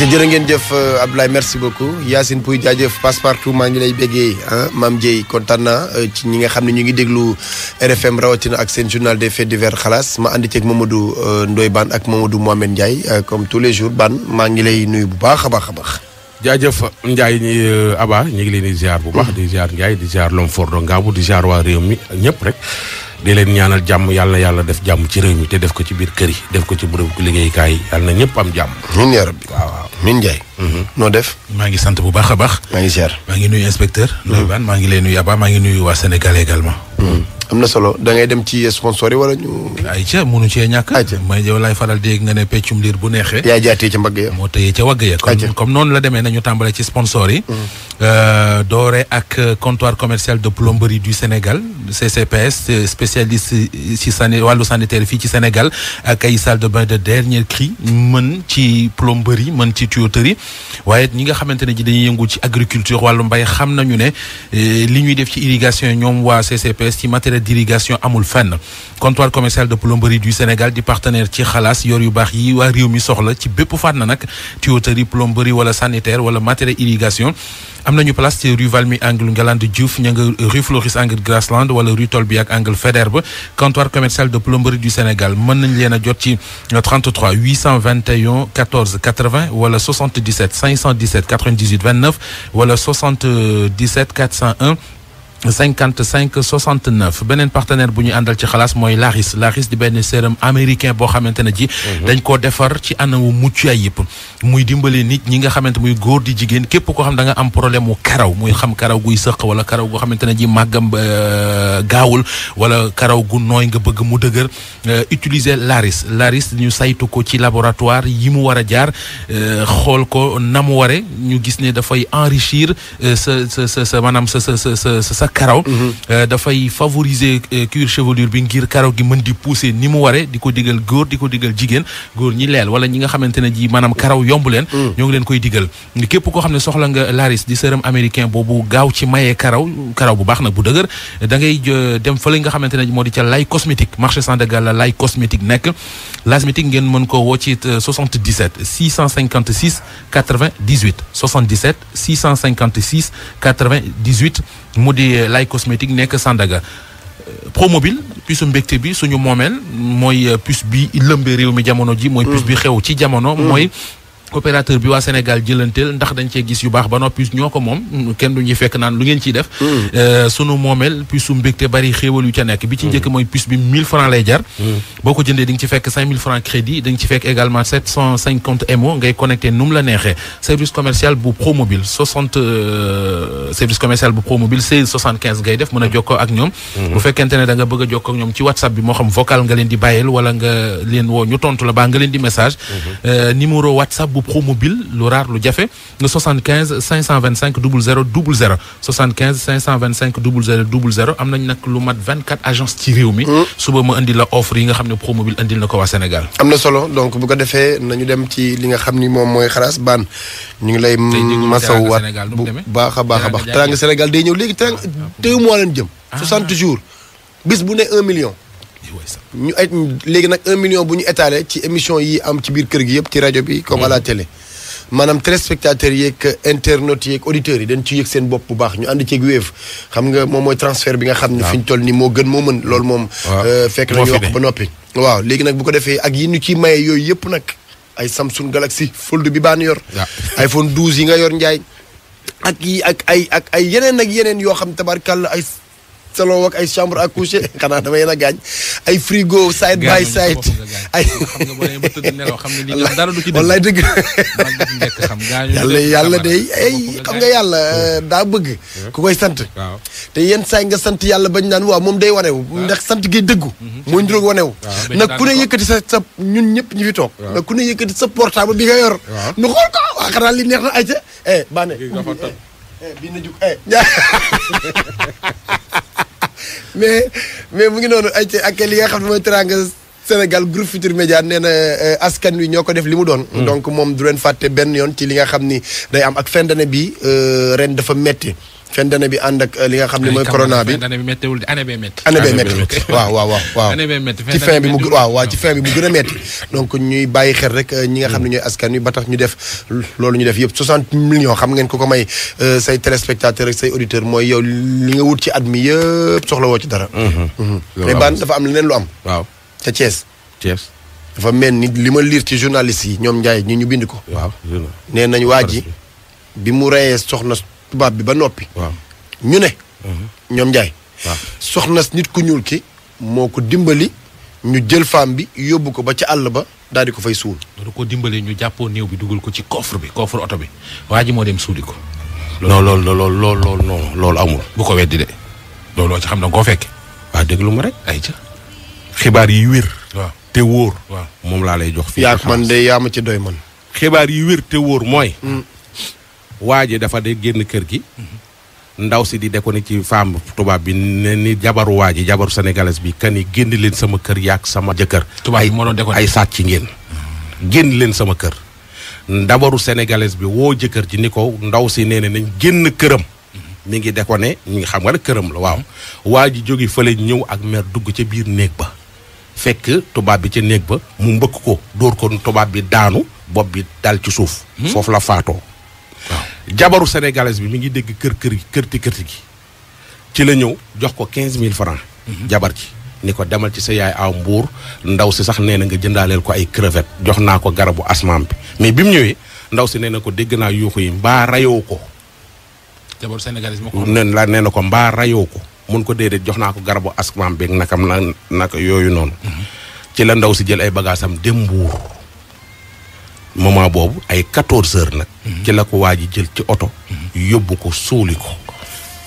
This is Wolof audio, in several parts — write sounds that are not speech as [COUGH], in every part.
ayca jërë ngeen jëf euh, Abdoulaye merci beaucoup Yacine Pouy jaajëf passe partout maa ngi lay béggee ah Mame Dieye kontaan euh, ci ñi nga xam ne ñu ngi déglu RFM rawatina ak seen journal des faits divers xalaas ma ànd ceeg Mamadou euh, Ndoye Bane ak Mamadou Mohamed Ndiaye comme tous les jours Bane maa ngi lay nuyu bu baax a baax a baax. jaajëf Ndiaye ñi Aba ñu ngi leen di ziar bu baax di ziar Ndiaye di ziar l'homme fort de Ngabou di ziar waa réew mi ñëpp rek. di leen ñaanal jàmm yàlla yàlla def jàmm ci réew mi te def ko ci biir kër yi def ko ci bërëbu liggéeykaay yi yàlla na ñëpp am jàmm. min yaa rabbi waaw waaw min mhm. noo def. maa ngi sant bu baax a baax. maa ngi ziar maa ngi nuyu inspecteur. Mhm. Ndoye Bane maa ngi lay nuyu Abba maa ngi nuyu waa Sénégal également. Mhm. am na solo da ngay dem ci sponsor yi wala ñu. ayca munu cee ñàkk. ayca may yow laay faral dégg nga ne peccum liir bu neexee. yaa jaatee ca mbagg ya. moo tëyee ca wagg ya. comme noonu la demee nañu tàmbale ci sponsor yi. Euh, doore ak euh, comptoir commercial de plomberie du Sénégal CCPS euh, spécialiste ci sani wàllu sanitaire fii ci Sénégal ak ay salle de bain de dernier cri mën ci plomberie mën ci tuyauterie waaye ñi nga xamante ne ji dañuy yëngu ci agriculture wàllu mbay xam nañu ne li ñuy def ci irrigation ñoom waa CCPS ci matériel d'irrigation amul fenn comptoir commercial de plomberie du Sénégal di partenaire ci xalaas yor yu baax yi waa réew mi soxla ci bépp fànn nag tuyauterie plomberie wala sanitaire wala matériel irrigation am nañu place ci rue Valmy angle Ngalandou Diouf ña nga rue Floris angle Grassland wala rue Tolbi ak angle Faidherbe comptoir commercial de plomberie du Sénégal mën nañ leen a jot ci 33 821 14 80 wala 77 517 98 29 wala 77 401 cinquante cinq soixante neuf beneen partenaire bu ñu àndal ci xalaas mooy Laris Laris di benn sérum américain boo xamante ne ji. Mhm. dañ koo defar ci anamu mucc ayib muy dimbali nit ñi nga xamante muy góor di jigéen képp koo xam da nga am problème mu karaw muy xam karaw guy sëq wala karaw goo xamante ne ji màggam euh, gaawul wala karaw gu nooy nga bëgg mu dëgër euh, utiliser Laris Laris ñu saytu ko ci laboratoire yi mu war a jaar euh, xool ko na mu ware ñu gis ne dafay enrichir sa sa sa maanaam sa ak karaw mhm. euh, dafay favoriser euh, cuir chevelure bi ngir karaw gi mën di pousser ni mu ware di ko digal góor di ko digal jigéen góor ñi leel wala ñi nga xamante ne ji maanaam karaw yomb leen mm. ñoo ngi leen koy digal képp koo xam ne soxla nga laris di sérum américain boobu gaaw ci mayee karaw karaw bu baax nag bu dëgër da ngay euh, dem fële nga xamante ne moo di ca lay cosmétique marché Sandaga la lay cosmétique nekk lasmétique ngeen mën ko woo ci 77 656 80 18 mu di euh, lay cosmétique nekk Sandaga euh, promobile puce mbégte bi suñu moomeel mooy euh, puce bi lëmbee réew mi jamono ji mooy puce bi mm. xew ci jamono mooy mm. opérateur bi waa Sénégal jëlanteel ndax dañ cee gis yu baax ba noppi ñoo ko moom kenn du ñuy fekk naan lu ngeen ciy def. Hmm. Euh, sunu moomeel puis su mbégte bari xéewal yu ca nekk. bi ci njëkk hmm. mooy puce bi 1000 francs lay jar. Hmm. boo ko jëndee di nga ci fekk 5000 francs crédit di ci fekk également 750 mo ngay connecté nu la neexee service commercial bu promobile 60 euh, service commercial bu promobile 16 75 ngay def a jokkoo ak ñoom. bu fekkente di bàyyil wala bu promobile lu raar lu jafe nga 75 525 00 00 75 525 00 00 am nañ nag lu mat 24 agence ci réew mi. Hmm. suba ma indi la offre yi nga xam ne promobile indil na ko waa Sénégal. am na solo donc bu ko defee nañu dem ci li nga xam ni moom mooy xalaas baan ñu ngi lay. masawaat bu baax a baax a baax. teraanga Sénégal day ñëw léegi teraanga ah. deux mois leen jëm. 60 ah. jours bis bu ne 1 million. ñu ay léegi nag un million bu ñu étalé ci émission yi am ci biir kër gi yëpp ci rajo bi comme à la mm. télé maanaam téléspectateurs yeeg internautes yeeg auditeurs yi dañ ci yëg seen bopp bu baax ñu ànd ceeg Wave xam nga moom mooy transfert bi nga xam ne fi ñu ni moo gën moo mën loolu moom euh, fekk nañu wax ba noppi waaw léegi nag bu ko defee ak yi ñu ciy maye yooyu yëpp nag ay Samsung Galaxy Fold bi baa baan yor [LAUGHS] iPhone 12 yi nga yor njaay ak yi ak ay ak ay yeneen ak yeneen yoo xam tabarkàlla ay salon ak ay chambre à coucher [LAUGHS] xanaa dama yéen a gaañ ay frigo side by side ay wallaay dëgg yàlla yàlla day ay xam nga yàlla daa bëgg ku koy sant te yenn say nga sant yàlla bañ naan waaw moom day wanewu ndax sant gi dëggu mhm. mooy nduróog wanewu nag ku ne yëkkati sa ñun ñëpp ñu fi toog nag ne yëkkati sa portable bi nga yor nu xool ko waa xanaa li neex na ay ca eh [LAUGHS] mais mais mu ngi noonu ay ak li nga xam ne mooy teraanga Sénégal groupe Futur Média nee na euh, askan wi ñoo ko def li mu doon. Mm. donc moom du leen fàtte benn yoon ci li nga xam ni day am ak fin d'année bi euh, ren dafa metti fen dana bi ànd ak euh, li nga xam ne mooy corona bi dana bi méttiwul de année bee métti année bee métti [LAUGHS] waaw waaw waaw waaw année bee métti ci fin bi mu waaw waaw a métti donc ñuy bàyyi xel rek ñi nga xam ne mm. ñooy askan wi ba tax ñu def loolu ñu def yëpp 60 millions xam ngeen ko ko may say téléspectateur ak say auditeur mooy yow li nga wut ci at mi yëpp soxla woo ci dara mm-hmm. Mm-hmm. mais baan dafa am leneen lu am waaw ca Thiès. dafa mel ni li ma liir ci journaliste yi ñoom Ndiaye ñu ñu bind ko. nee nañu waa ji bi mu reyee soxna tubaab bi ba noppi. waaw ñu ne. Mhm. ñoom njaay waaw soxna nit ku ñuul ki moo ko dimbali ñu jël femme bi yóbbu ko ba ca àll ba daal di ko fay suul. loolu ko dimbali ñu jàppoo néew bi dugal ko ci coffre bi coffre oto bi waa ji moo dem suuli ko. loolu loolu loolu lool loolu loolu amul. bu ko weddi de looloo ci xam da koo fekk. waa déglu ma rek ay xibaar yi wér. te wóor. waaw moom laa lay jox. fii ak man de yaa ma ci doy man. xibaar yi wér te wóor mooy. Mm. waa ji dafa de génn kër gi. Mm-hmm. ndaw si di deko ne ci femme tubaab bi ne ni jabaru waa ji jabaru sénégalaise bi kan yi génn leen sama kër yaak sama jëkkër. tubaab yi moo doon deko ay sàcc ngeen. génn leen sama kër. ndabaru sénégalaise bi woo jëkkër ji ni ko ndaw si nee nañ génn këram. Mm-hmm. mi ngi deko ne ñi nga xam nga ne këram la waaw. Mm-hmm. waa ji jóge fële ñëw ak mer dugg ca biir néeg ba. fekk tubaab bi ca néeg ba mu mbëkk ko dóor ko tubaab bi daanu bopp bi dal ci suuf hmm? foofu la faatoo jabaru sénégalaise bi mi ngi dégg kër kër kërti kërti gi ci la ñëw jox ko quinze mille francs hmm. jabar ji ni ko demal ci sa yaay aw mbuur ndaw si sax nee na nga jëndaaleel ko ay crevette jox naa ko garabu asmaam bi mais bi mu ñëwee ndaw si nee na ko dégg naa yuuxu yi mbaa rayoo ko jabaru sénégalaise moo ko nee na ko mbaa rayoo ko mun ko déedéet jox naa ko garabu asmaam beeg nakam na naka yooyu noonu. ci la ndaw si jël ay bagaasam dem mbuur moment boobu ay 14 nag. Mhm. ci la ko waa ji jël ci oto. Mhm. yóbbu ko suuli ko.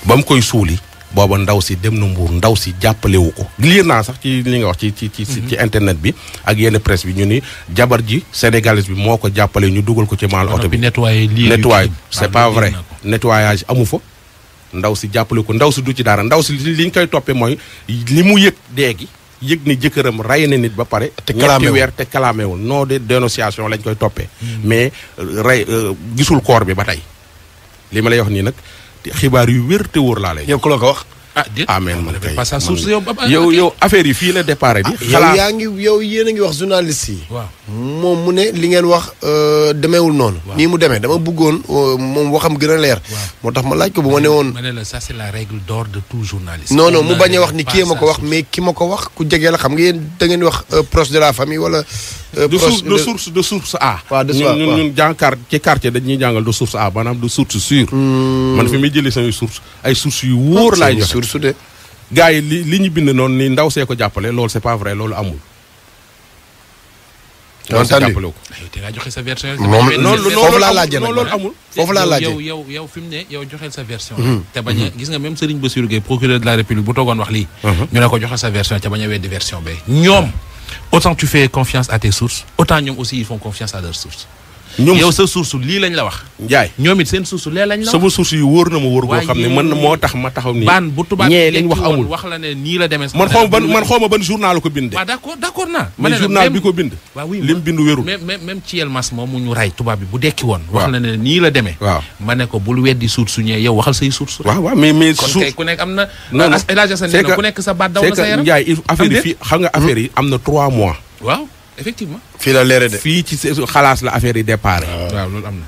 ba mu koy suuli booba ndaw si dem na mbuur ndaw si jàppalewu ko. liir naa sax ci li nga wax ci ci ci mhm. ci internet bi ak yenn presse bi ñu ni jabar ji sénégalais bi moo ko jàppale ñu dugal ko ci maal oto bi. nettoyé lii nettoyé c'est pas vrai nettoyage amu fa. ndaw si jàppale ko ndaw si du ci dara ndaw si li ñu koy toppee mooy li mu yëg déegi yëg ni jëkkëram rey na nit ba pare. te ñetti weer te kalaamewul noo de dénonciation lañ koy toppee. Hmm. mais euh, rey euh, gisul koor bi ba tey. li ma lay wax nii nag xibaar yu wér te wóor laa lay. yow ku la ko wax. ah déet ameen ah, ah, man kay pas yow yow affaire yi fii la départ di ah, xalaat yaa ngi yow a ngi wax journaliste yi moom mu ne li ngeen wax euh, demeewul noonu nii mu demee dama bëggoon euh, moom waxam gën a leer moo tax ma laaj ko bu ma ne woon ma ne la la règle d'or de tout journaliste mu bañ wax ni kii ma ko wax mais ki ma ko wax ku jege la xam nga yéen da ngeen wax euh, proche de la famille wala proche de source de source A waaw de source ñun ñun jànkaar ci quartier dañuy jàngal de source A maanaam de source sûre hmm. man fi muy jëlee samay source ay source yu wóor course de gars yi li li ñu bind noonu ni ndaw see ko jàppale loolu c'est pas vrai loolu amul. loolu si jàppale sa version. foofu laa laajee nag loolu amul foofu laa laajee yow yow yow fi mu ne yow joxeel sa version. Mhm. te bañ a mhm. gis nga même Serigne Bassirou Gueye procureur de la République bu toogoon wax lii. Mhm. ñu ne ko joxe sa version te bañ a weddi version bee. ñoom autant tu fais confiance à tes sources autant ñoom aussi ils font confiance à leurs sources. ñoom yow sa source lii lañ la wax njaay ñoom it seen source lee lañ la wax sama source yi wóor na ma wóor goo xam ne man moo tax ma taxaw nii baan bu tubaab ñee lañ wax amul wax la ne nii la demee man xaw ma ban man xaw ma ban journal la ko binde waaw d'accord d'accord naa ma ne journal bi ko bind waaw oui lim bind wérul même même ci yel mas moom mu ñu ray tubaab bi bu dekki woon wax la ne nii la demee waaw ma ne ko bul weddi source ñee yow waxal say source waaw waaw mais mais kon kay ku nekk am na El Hadj Assane ku nekk sa baat daw na sa yaram njaay affaire yi fii xam nga affaire yi hmm? am na trois mois waaw effectivement fii la leere de fii ci xalaas la affaire yi départ. Ah. waaw loolu am na.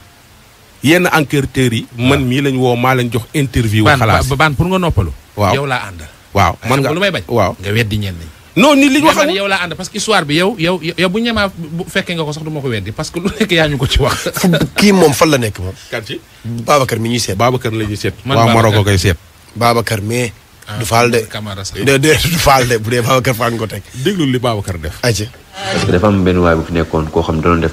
yenn enquêteurs yi. Ah. man mii lañu woo maa lañ jox interview. xalaas ban pour nga noppalu. waaw yow laa àndal. waaw man nga lu may bañ. waaw nga weddi ñenn ñi. non ni li ñu wax yow laa ànd parce que histoire bi yow yow yow bu ñemaa bu fekkee nga ko sax du ma ko weddi parce que lu nekk yaa ñu ko ci wax. kii moom fan la nekk moom. kan ci Babacar mi ñuy seet. Babacar la ñuy seet. man Babacar waaw koy seet. Babacar mais. du ah, faal de. Camara sax de de du faal de bu dee Babacar fan ko teg. déglu li Babacar def. parce que dafa am benn waay bu fi nekkoon koo xam ne doon def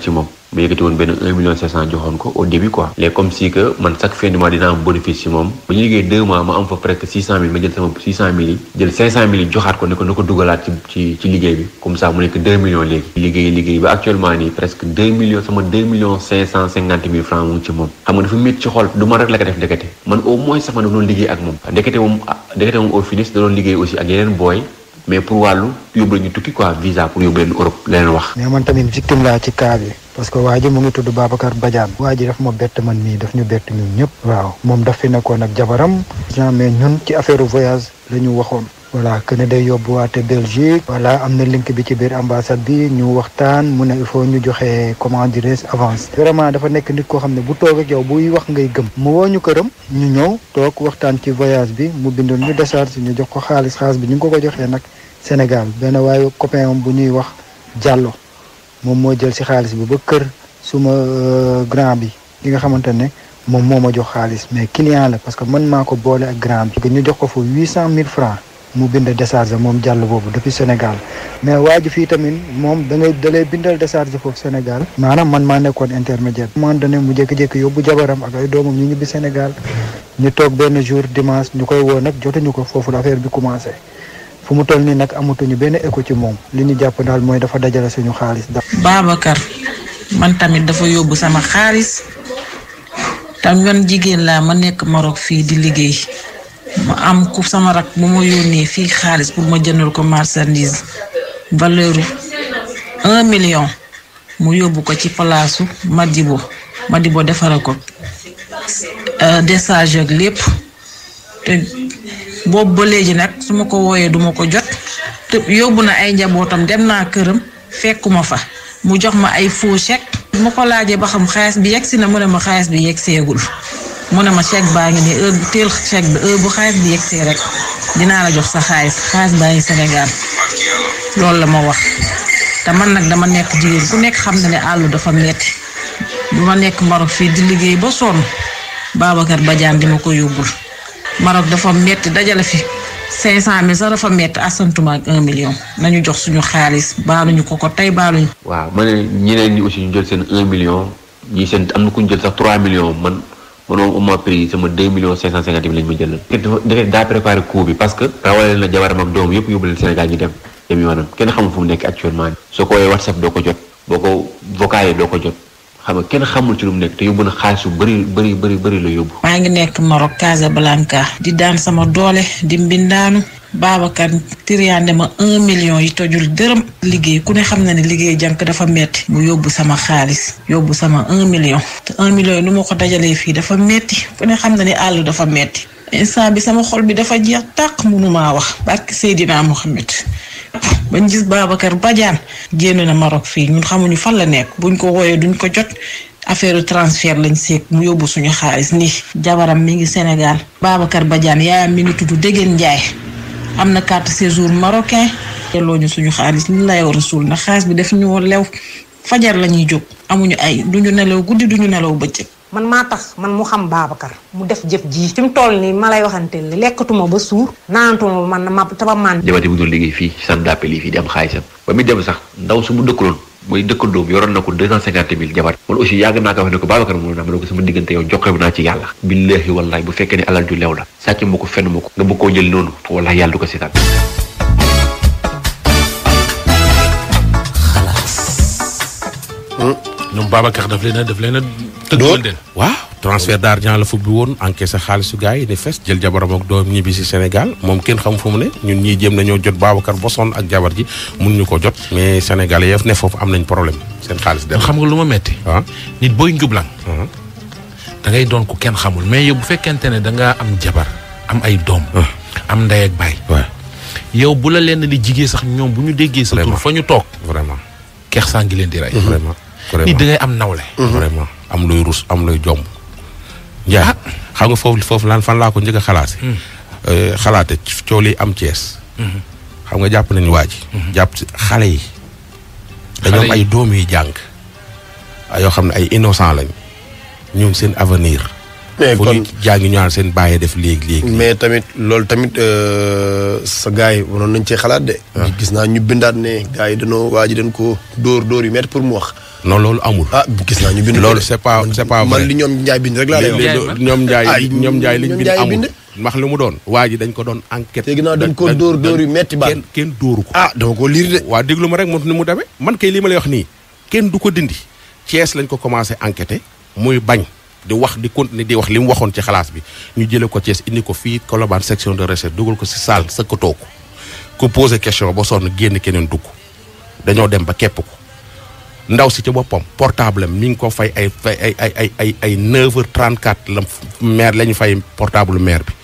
ci moom mu yëkkati woon benn ko au début quoi léegi comme si que man chaque fin de mois dina am bénéfice ci moom bu ñu liggéey 2 ko ne ko na ko dugalaat ci ci dafa métti ci xol du man rek la ko def ndekete man au moins sax man daf doon liggéey ak moom ndekete moom ah, ndekete finish da liggéey ak yeneen booy mais pour wàllu yóbbu la ñu tukki quoi visa pour yóbbu leen Europe leneen wax. mais man tamit victime laa ci cas bi. parce que waa ji mu ngi tudd Babacar Badiane. waa ji daf ma bett man nii daf ñu bett ñun ñëpp. waaw moom daf fi nekkoon ak jabaram. genre mais ñun ci affaire voyage la ñu waxoon. voilà que ne day yóbbuwaate Belgique voilà am na link bi ci biir ambassade bi ñu waxtaan mu ne il faut ñu joxe comment dirais avance vraiment dafa nekk nit koo xam ne bu toog ak yow buy wax ngay gëm mu woo ñu këram ñu ñëw toog waxtaan ci voyage bi mu bindul ñu décharge ñu jox ko xaalis xaalis bi ñu ngi ko ko joxee nag Sénégal benn waaye copain am bu ñuy wax jàllo moom moo jël si xaalis bi ba kër suma euh, grand bi ki nga xamante ne moom moo ma jox xaalis mais client la parce que man maa ko boole ak grand ñu jox ko fa huit cent mille francs mu bind décharge moom jàll boobu depuis Sénégal mais waa ji fii tamit moom da ngay da lay bindal décharge foofu Sénégal maanaam man maa nekkoon intermédiaire man dane mu jékki-jékki yóbbu jabaram ak ay doomam ñu ñibbi Sénégal ñu toog benn jour dimanche ñu koy woo nag jotuñu ko foofu la affaire bi commencé fu mu toll nii nag amatuñu benn écho ci moom li ñu jàpp daal mooy dafa dajale suñu xaalis daal. Babacar man tamit dafa yóbbu sama xaalis tam yoon jigéen laa ma nekk Maroc fii di liggéey. ma am ku sama rak bu ma yónnee fii xaalis pour ma jëndal ko marchandise valeur un million mu yóbbu ko ci palaasu Madibo Madibo defaral ko euh, desage lépp te boobu ba léegi nag su ma ko wooyee duma ko jot te yóbbu na ay njabootam dem naa këram fekkuma fa mu jox ma ay faux chèque ma ko laajee ba xam xaalis bi yegsi na mu ne ma xaalis bi yegseegul mu ne ma chèque baa ngi ne heure bu teel bi heure bu xaalis bi yegsee rek dinaa la jox sa xaalis xaalis baa ngi Sénégal loolu la ma wax te man nag dama nekk jigéen su nekk xam na ne àllu dafa metti bu ma nekk Maroc fii di liggéey ba sonn Babacar Badiane di ma ko yóbbul Maroc dafa metti dajale fi cinq cent mille sax dafa metti asantuma ak un million nañu jox suñu xaalis baa nuñu ko ko tey baa baaluñu. waaw ma ne ñeneen ñi aussi ñu jël seen un million ñii seen am na ku ñu jël sax trois millions man. mënoo au moins prix sama 2 millions 550 bi lañ ma jëlal. dafa daa préparé coup bi parce que. rawale na jabaram ak doom yëpp yóbbu leen Sénégal ñu dem dem yoonam kenn xamul fu mu nekk actuellement. soo ko WhatsApp doo ko jot boo ko vocalee doo ko jot. xam nga kenn xamul ci lu mu nekk te yóbbu na xaalis yu bëri bëri bëri bëri la yóbbu. maa ngi nekk Maroc Casablanca. di daan sama doole di mbindaanu Babacar tiriyaande ma un million yi tojul dërëm liggéey ku ne xam na ne liggéey jànk dafa metti mu yóbbu sama xaalis yóbbu sama un million un million nu ma ko dajalee fii dafa metti ku xam na ne àll dafa metti instant bi sama xol bi dafa jeex tàq mënumaa wax barke Seydina Mohamed bañ gis Babacar Badiane génn na Maroc fii ñun xamuñu fan la nekk buñ ko wooyee duñ ko jot affaire transfert lañ seet mu yóbbu suñu xaalis nii jabaram mi ngi Sénégal Babacar Badiane yaayam mi ngi tudd Dégéen Njaay am na carte séjour marocain delloo ñu suñu xaalis li lay war a suul ndax xaalis bi def ñu lew fajar la ñuy jóg amuñu ay duñu nelaw guddi duñu nelaw bëccëg. man maa tax man mu xam Babacar mu def jëf jii fi mu toll nii ma lay waxanteel li lekkatuma ba suur naanatuma man ma taba man. jabaate bu dul liggéey fii sam dàppali fii dem am xaalisam ba muy dem sax ndaw su mu dëkkuloon mooy dëkkandoom yoroon na ko deux cent cinquante mille jabar man aussi yàgg naa ko wax ne ko Babacar mun naa ma ko sama diggante yow joxe naa ci yàlla billaahi wallaahi bu fekkee ne alal ju leew la sàcc ma ko fenn ma ko nga bëgg koo jël noonu wallaahi yàlla du ko seetaan xalaas hmm? ñoom Babacar daf leen a daf leen a tëggal transfert d'argent la bi woon encaissé xaalisu gars yi ne fes jël jabaram ak doom ñibbi si Sénégal moom kenn xam fu mu ne ñun ñii jéem nañoo jot Babacar Boson ak jabar ji mun ñu ko jot mais Sénégal yëf ne foofu am nañ problème seen xaalis dem xam nga lu ma metti ah. nit booy njublan ah. da ngay doon ko kenn xamul mais yow bu fekkente ne da nga am jabar am ay doom ah. am ndey yow bu la lenn li jigee sax ñoom bu ñu déggee sa tur fa ñu toog vraiment keex saa leen di rey vraiment nit da ngay am nawle vraiment am luy rus am luy jomb Ndiaye ah. xam nga foofu foofu lan fan laa ko njëkk a xalaat hmm. euh, xalaate coow am Thiès. Hmm. xam nga jàpp nañ waa hmm. jàpp xale yi. dañoo ay doom yuy jàng. yoo xam ne ay innocent lañ ñoom seen avenir. mais fu ñu jàngi ñu naan seen bàyyi def léegi léegi. mais tamit loolu tamit euh, sa gars yi waroon nañ cee xalaat de. Ah. gis naa ñu bindaat ne gars yi dañoo waa ji dañ door dóor dóor yu métti pour mu wax. non loolu amul. ah gis naa ñu bind. loolu c'est pas c'est pas vrai man li ñoom Ndiaye bind rek laa ñoom Ndiaye ñoom Ndiaye liñ bind amul. wax li mu doon waa ji dañ ko doon enquête. léegi dañ ko dóor dóor yu metti ba. kenn kenn dóoru ko. ah ko liir de. waa déglu ma rek moom ni mu demee man kay li ma lay wax nii kenn du ko dindi. Thiès lañ ko commencé enquêté muy bañ di wax di continuer di wax li mu waxoon ci xalaas bi ñu jëlee ko Thiès indi ko fii Colobane section de recherche dugal ko si salle sëkkatoo ko ku posé question ba sonn génn keneen dugg dañoo dem ba képp ko ndaw si ci boppam portable mi ngi ko fay ay ay ay ay ay ay 9 heures 34 la maire la ñu fay portable maire bi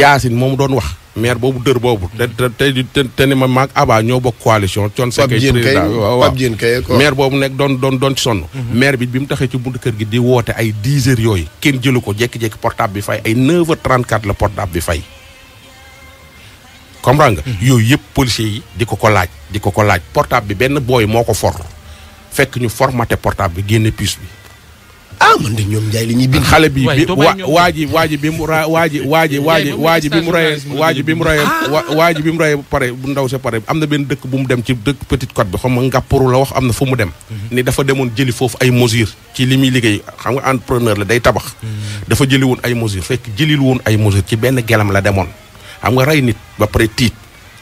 Yaasin moom doon wax maire boobu dër boobu te te te te ma maag Aba ñoo bokk coalition. coon sekk président waaw maire boobu nekk doon doon doon ci sonn. Mhm. maire bi bi mu taxee ci buntu kër gi di woote ay 10 heures yooyu kenn jëlu ko jékki-jékki portable bi fay ay 9 heures 34 la portable bi fay. comprends nga. Mhm. yooyu yëpp policiers yi di ko ko laaj di ko ko laaj portable bi benn booy moo ko for. fekk ñu formaté portable bi génne puce bi. ah man de ñoom Ndiaye li ñuy bind. xale bi bi waa ji waa ji bi mu ra waa ji waa bi mu rayee waa bi mu rayee waa ji bi mu rayee ah. bu pare bu ndaw sa pare am na benn dëkk bu mu dem ci dëkk Petite cot bi xam nga ngàpparu la wax am na fu mu dem. Mhm. ni dafa demoon jëli foofu ay mesures. ci li muy liggéey xam nga entrepreneur la day tabax. Mhm. dafa jëli woon ay mesures fekk jëlil woon ay mesures ci benn gelam la demoon. xam nga nit ba pare tiit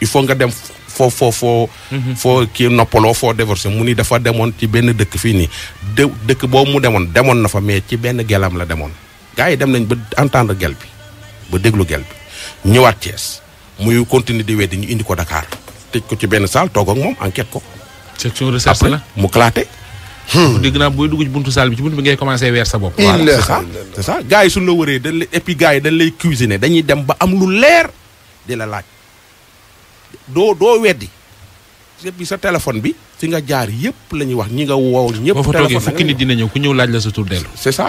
il faut nga dem foo foo foo mhm. foo kii noppaloo foo divorcé mu ni dafa demoon ci benn dëkk fii nii dë dëkk boobu mu demoon demoon na fa mais ci benn gelaam la demoon gars yi dem nañ ba entendre gel bi ba déglu gel bi ñëwaat Thiès muy continuer di weddi ñu indi ko dakaar tëj ko ci benn salle toog ak moom enquête ko section recherche la mu claté hmm. dégg naa booy dugg ci buntu saal bi ci buntu bi ngay commencé weer sa bopp. voilà c'est ça c'est ça gars yi suñu la wëree dañ la et puis gars yi dañ lay cuisiner dañuy dem ba am lu leer di la laaj. doo doo weddi lépp sa téléphone bi si nga jaar yëpp la ñuy wax ñi nga woo ñëpp boo fa toogee fukki nit dina ñëw ku ñëw laaj la sa tur dellu c'est ça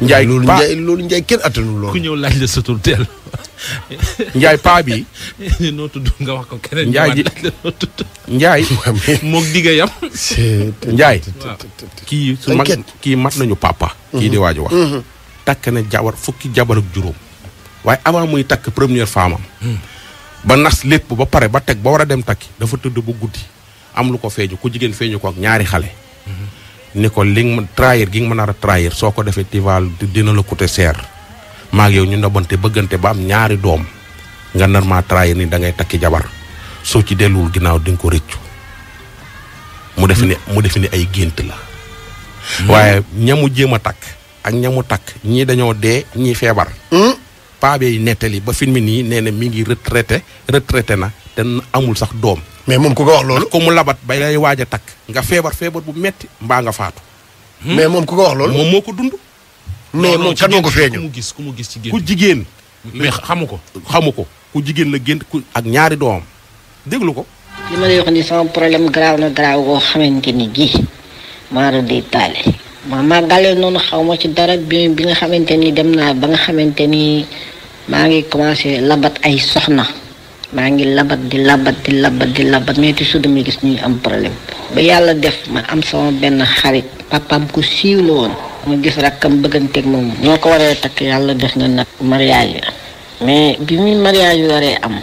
njaay loolu njaay loolu njaay kenn attanu loolu ku ñëw laaj la sa tur dellu njaay paa bi noo tudd nga wax ko keneen njaay ji njaay moog digga kii su mag kii mat nañu pàppa kii di waaju wax takk na jabar fukki jabar juróom waaye avant muy takk première femme ba nas lépp ba pare ba teg ba war a dem takki dafa tëdd bu guddi am lu ko feeñu ku jigéen feeñu ko ak ñaari xale. ni ko li nga ma trahir gi nga ma nar a trahir soo ko defee tivaal dina la coûter cher maa ngi yow ñu ndabante bëggante ba am ñaari doom nga nar maa trahir ni dangay ngay takki jabar soo ci delluwul ginnaaw di ko rëccu. mu def ni mu def ni ay gént la. waaye ñamu jéem a takk ak ñamu takk ñii dañoo dee ñii feebar. Hmm? paabey nettali ba fi mu nii nee na mi ngi retraité retraité na te amul sax doom. mais moom ku ko wax loolu. ko mu labat ba lay waaj a takk. nga feebar feebar bu metti mbaa nga faatu. Hmm? mais moom ku ko wax loolu. moom moo ko dund. mais moom kan ko feeñu ku mu gis ku mu gis ci génn jigéen. xamu ko xamu ko ku jigéen la génn ku ak ñaari doomam déglu ko. li ma lay wax ni sama problème garaaw na garaaw goo xamante ni gii maa doon di taale. ma màggalee noonu xaw ma ci dara bi bi nga xamante nii dem naa ba nga xamante ni maa ngi commencé labat ay soxna maa ngi labat di labat di labat di labat mais toujours damay gis ñuy am problème ba yàlla def ma am sama benn xarit papam ku siiw la woon ma gis rakkam bëgganteeg moom noo ko waree takk yàlla def na nag mariage mais bi muy mariage yu waree am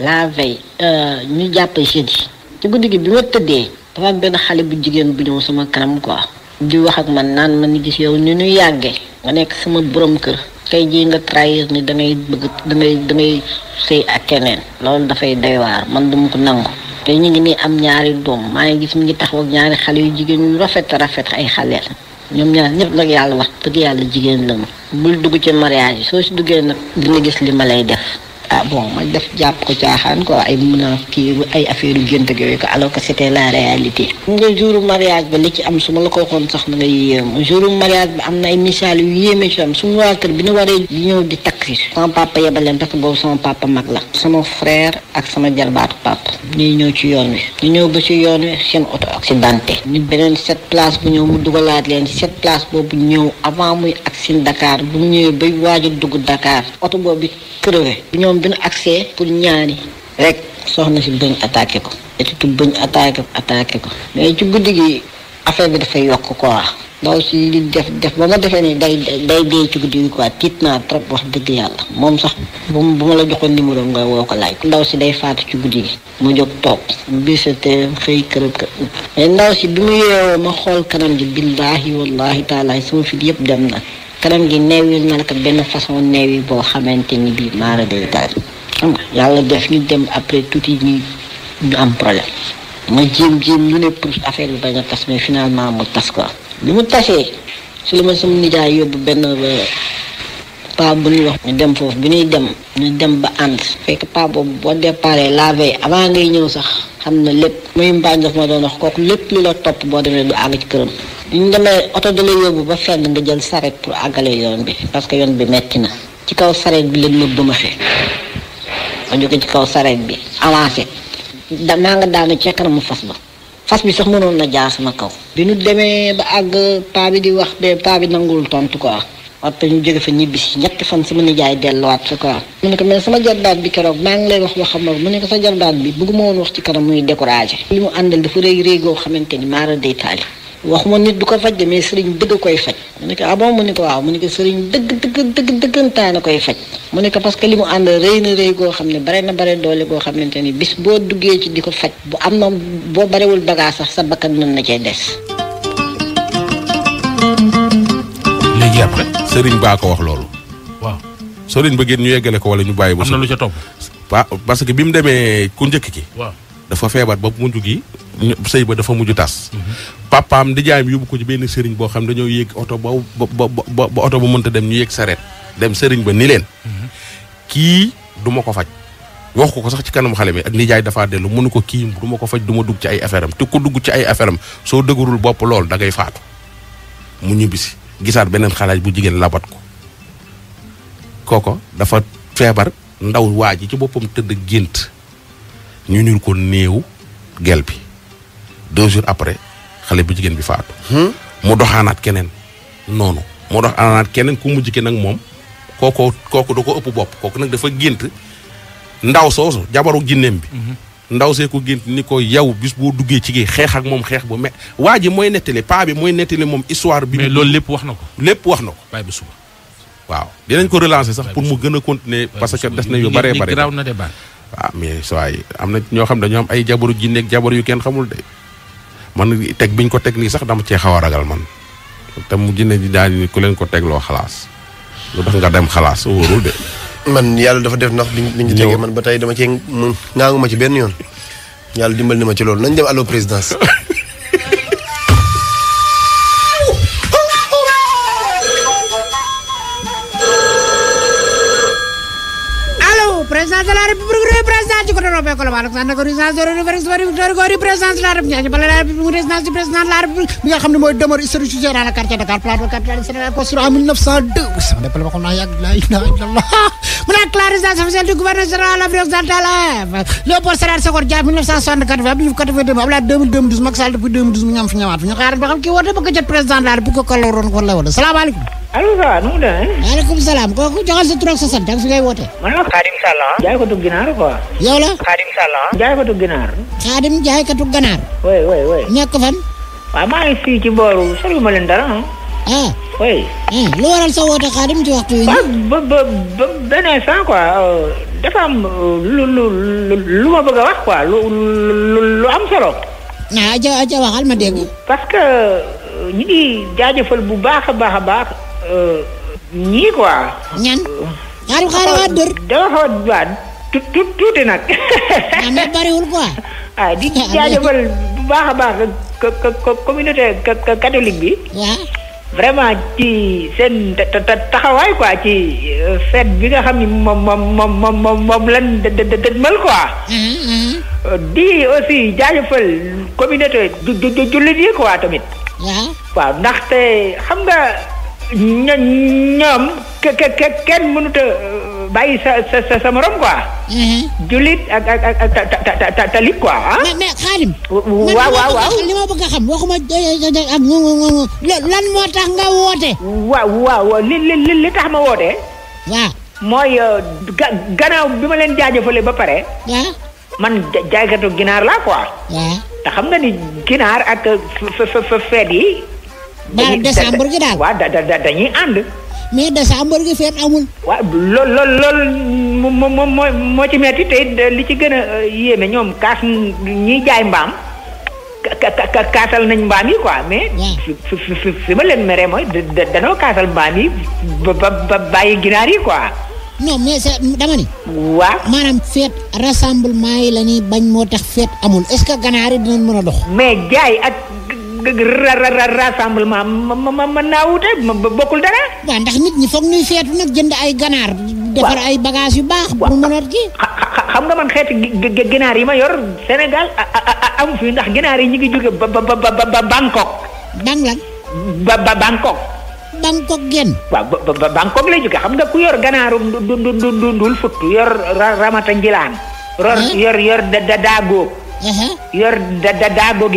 la veille euh, ñu jàpp jeudi ci guddi gi bi ma tëddee dafa benn xale bu jigéen bu ñëw sama kanam quoi di wax ak man naan ma ni gis yow ni ñu yàggee nga nekk sama borom kër tey jii nga trahir ni da ngay bëgg da ngay sëy ak keneen loolu dafay day waar man duma ko nangu te ñu ngi nii am ñaari doom maa ngi gis mu ngi taxaw ak ñaari xale yu jigéen yu rafet rafet ay xaleel ñoom ñaar ñëpp nag yàlla wax dëgg yàlla jigéen lañu bul dugg ci mariage yi soo si duggee nag dina gis li ma lay def ah bon ma def jàpp ko caaxaan quoi ay mun a kii ay affaire yu gént ak yooyu ko alors que c' la réalité. nga jouru mariage ba li ci am su ma la ko waxoon sax na nga yéem jouru mariage bi am na ay misaal yu yéeme ci am suñu waa kër bi nu waree di ñëw di takk si. sama papa yebal leen parce que boobu sama papa mag la. sama frère ak sama jarbaat papa. ñuy ñëw ci yoon wi. ñu ñëw ba ci yoon wi seen auto accidenté. ñu beneen sept place bu ñëw mu dugalaat leen sept place boobu ñëw avant muy ak seen Dakar bu ñëwee bay waaj a dugg Dakar. oto boobu crevé. ñoom ñoom bi nu agsee pour ñaani rek soxna si bëñ attaqué ko étitu bëñ attaqué attaqué ko mais ci guddi gi affaire bi dafay yokk quoi ndaw si li def def ba ma defee ni day day dee ci guddi gi quoi tiit naa trop wax dëgg yàlla moom sax bu bu ma la joxoon numéro ngay woo ko laaj ndaw si day faatu ci guddi gi mu jóg toog bi sa teem xëy kërëb kër mais ndaw si bi mu yeewoo ma xool kanam bi billaahi wallaahi taalaay sama fit yëpp dem na kanam gi neewil na nag benn façon neewi boo xamante ni bii maara day daal xam nga yàlla def ñu dem après tuuti ñu ñu am problème ma jéem jéem lu ne pour affaire bi bañ a tas mais finalement mu tas ko bi mu tasee su la ma sama nijaay yóbbu benn euh, paa bu ñuy wax ñu dem foofu bi ñuy dem ñu dem ba ànd fekk paa boo déparé la veille avant ngay ñëw sax xam na lépp muy mbaañ daf ma doon wax kooku lépp lu la topp boo demee du àgg ci këram ñu demee oto da lay yóbbu ba fenn nga jël saret pour àggale yoon bi parce que yoon bi metti na ci kaw saret bi lañ ma duma fi ma jóge ci kaw saret bi avancé damaa nga daanu ci kanamu fas ba fas bi sax mënoon na jaar sama kaw bi ñu demee ba àgg bi di wax ba paa bi nanguwul tontu quoi après ñu fa ñibbi si ñetti fan sama nijaay delluwaat sa quoi mu ne ko mais sama jarbaat bi keroog lay wax yoo xam ne mu nekk ko sa jarbaat bi bëgguma woon wax ci kanam muy décorage li mu àndal dafa réeg réegoo xamante ni maa day taali waxuma nit du ko faj de mais sëriñ dëgg koy faj mu ne ko ah mu ne ko waaw mu ne ko sëriñ dëgg dëgg dëgg dëggantaan a koy faj mu ne ko parce que li mu ànd rëy na rëy goo xam ne bare na bare doole goo xamante ni bis boo duggee ci di ko faj bu am na boo barewul bagage sax sa bakkan mën na cee des. léegi après sëriñ baa ko wax loolu. waaw soo leen bëggee ñu yeggale ko wala ñu bàyyi. ba am na lu ca topp. parce que bi mu demee ku njëkk ki. waaw dafa feebar ba mujj gi. sëy ba dafa mujj tas. Mhm. papaam di jaayam yóbbu ko ci benn sëriñ boo xam dañoo yéeg oto ba ba ba ba oto ba mënta dem ñu yéeg sareet dem sëriñ ba ni leen. kii duma ko faj. wax ko ko sax ci kanam xale mi ak nijaay dafaa dellu mënu ko kii du ko faj du ma dugg ci ay affaire am te ko dugg ci ay affaire soo dëgërul bopp lool da ngay faatu mu ñibbisi gisaat beneen xalaaj bu jigéen labat ko kooko dafa feebar ndaw waa ji ci boppam tëdd gént ñu nul ko néew gel bi deux jours après xale bu jigéen bi faatu. Hmm? mu doxaanaat keneen noonu. mu doxaanaat keneen ku mujj ki nag moom kooku kooku da ko ëpp bopp kooku nag dafa gént ndaw soosu jabaru jinneem bi. Hmm. ndaw see ko gént ni ko yow bis boo duggee ci gi xeex ak moom xeex bu me waa ji mooy nettali paa bi mooy nettali moom histoire bi. mais loolu lépp wax na ko. lépp wax na ko. bàyyi ba suba. waaw ko relancer sax pour mu gën a continuer parce que des na yu bare bare waaw mais saa yi am na ñoo xam dañoo am ay jabaru jinne ak yu kenn xamul de. man teg biñ ko teg nii sax dama cee xaw a ragal man te mu jinne ji daal ni ku leen ko tegloo xalaas lu tax nga dem xalaas wóorul de. man yàlla dafa def ndax biñ biñ ci tegee man ba tey dama cee mu naangu ma ci benn yoon yàlla dimbal ni ma ci loolu nañ dem allo présidence. [LAUGHS] président de la république réew président ci côté Robe Colobane sax naka résidence de référence bari victoire góori présidence de la république ñaaci bala la république mu résidence du président de la république bi nga xam ne mooy demeure historique générale quartier Dakar plateau capitale Sénégal construit en 1902 sama déppal ba xam naa yàgg la ilaha illallah mu nekk la résidence officielle du gouverneur général Afrique occidentale Léopold Sédar Senghor Dia 1964 Abdou Diouf 82 Abdoulaye 2012 Macky Sall depuis 2012 mu ñam fi ñëwaat fi ñu xaaral ba xam kii woote bëgg a jot président de la république ko la woon wala salaamaaleykum allo ça nu mu demee. maaleykum salaam kooku joxal sa tur ak sa sant ak fi ngay wootee. man la Khadim Sall ah. jaay ko tugg ginaar quoi. yow la. Khadim Sall ah. jaay ko tugg ginaar. Khadim jaay ko tugg ginaar. oui oui fan. waaw maa ngi ci booru sori ma leen dara ah. ah. Eh, lu waral sa woote Khadim ci waxtu wi. ba ba ba benn instant quoi oh, dafa am uh, lu lu lu ma bëgg a wax quoi lu lu lu am solo. ah ja ja waxal ma dégg. parce que uh, ñu ngi jaajëfal bu baax a baax a baax. ñii quoi. ñan. ñaari xaaral waa dër. dafa xaw a waa tu tu tuuti nag. [LAUGHS] ah di jaajëfal bu baax a baax co co communauté catholique bi. vraiment ci seen taxawaay quoi ci euh, fête bi nga xam ni moom moom moom moom lan dë dë dëmal quoi. Euh, di aussi jaajëfal communauté ju ju jullit yi quoi tamit. waaw waaw ndaxte xam nga. ña ñoom ke ke ke kenn mënut euh, bàyyi sa sa sa morom quoi. Mhm. jullit ak ak ak ta ta talib ah. mais mais xaalim. waaw waaw li euh, euh, moo tax nga woote. li li tax ma woote. waaw. mooy ga bi ma leen jaajëfalee ba pare. waaw. man jaaykatu ginaar laa ko waaw. te xam nga ni ginaar ak feet yi. maanaam décembre gi daal. waaw da da dañuy ànd. mais décembre gi feet amul. waaw lool lool lool moo moo moo ci metti te li ci gën a euh, yéeme ñoom kaas ñiy jaay mbaam. ka kaasal nañ mbaam yi quoi mais. fi fi fi ma leen meree mooy da danoo kaasal mbaam yi ba ba bàyyi ginaar yi quoi. non mais dama ni. waaw maanaam feet rassemblement yi la ñuy bañ moo tax feet amul est-ce que ganaar yi dinañ mën a dox. mais jaay ak. rassemblement ma mën naa wute ma bokkul dara. waaw ndax nit ñi foog ñuy feetu nag jënd ay ganaar. defar ay bagage yu baax. bu mu mën a kii. xam nga man xeeti ginaar yi ma yor Sénégal am fi ndax ginaar yi ñu ngi jóge ba ba ba Bangkok. Bang lan. ba ba Bangkok. Bangkok genn. waaw ba ba Bangkok lay jóge xam nga ku yor ganaaru du du du dundul futt yor ramata njilaan. yor da da daagoo. yor da da daagoo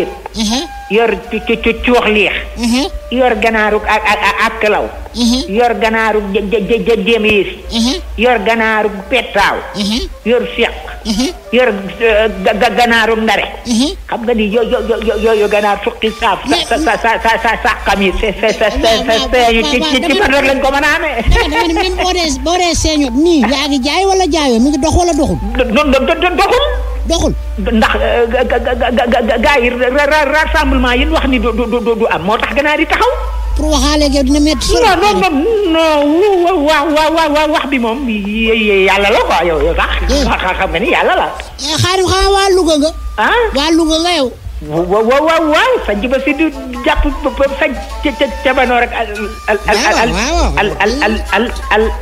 yor ci ci ci coox liix. Mhm. yor ganaarug ak ak ak kalaw. Mhm. yor ganaarug jë jë jë jéem yéesi. Mhm. yor ganaarug pettaaw. yor seq. yor euh, ga ganaarug ndare. xam nga ni yo yo yo yo yo ganaar fukki saaf. sa sa sa sa sa saqam yi. sa sa sa sa seeñu ci ci ci ban lañ ko mën a amee. dama ni même boo dee boo dee seeñut nii yaa ngi jaay wala jaayoo mi ngi dox wala doxul. do do doxul. doxul ndax gars yi wax ni du du du du am moo tax ganaar yi taxaw. pour waxaale ak yow dina métti. non non wax bi moom yàlla la quoi yow yow sax. xam nga ni yàlla la. xaarim xaaral waa Louga ah waa Louga nga yow. wa wa wa waaw sànq ca ca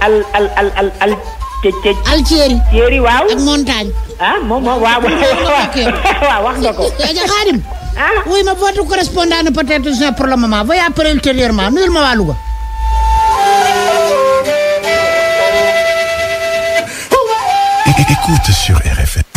al al al cëcc Algérie. Algérie waaw ak montagne. ah moom moom waaw [LAUGHS] waaw wax nga ko. ja Xaadim. ah oui ma votre correspondant ne peut être joint pour le moment veuillez appeler ultérieurement nuyul ma waa Louga. Écoute sur RFM.